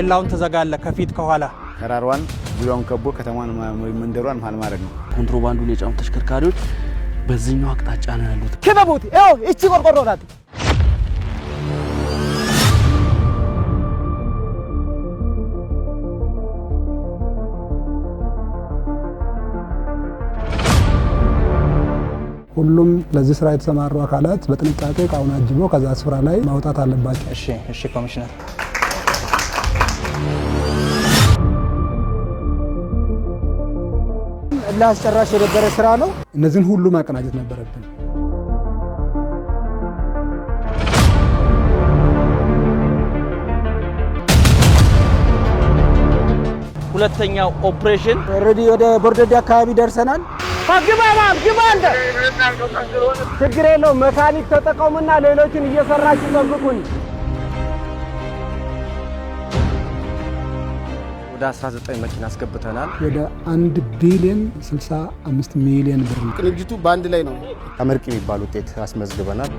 ኬላውን ትዘጋለ ከፊት ከኋላ ተራሯን ዙሪያውን ከቦ ከተማን መንደሯን መሀል ማድረግ ነው። ኮንትሮባንዱን የጫኑ ተሽከርካሪዎች በዚህኛው አቅጣጫ ነው ያሉት። ክበቡት። ይኸው ይቺ ቆርቆሮ ናት። ሁሉም ለዚህ ስራ የተሰማሩ አካላት በጥንቃቄ እቃውን አጅቦ ከዛ ስፍራ ላይ ማውጣት አለባቸው። እሺ፣ እሺ ኮሚሽነር እልህ አስጨራሽ የነበረ ስራ ነው። እነዚህን ሁሉ ማቀናጀት ነበረብን። ሁለተኛው ኦፕሬሽን ኦልሬዲ ወደ ቦርደዲ አካባቢ ደርሰናል። ግባባ ግባ እንደ ችግር የለውም። መካኒክ ተጠቀሙና ሌሎችን እየሰራችሁ ጠብቁኝ። ወደ 19 መኪና አስገብተናል። ወደ 1 ቢሊዮን 65 ሚሊዮን ብር ቅንጅቱ በአንድ ላይ ነው አመርቂ የሚባል ውጤት አስመዝግበናል።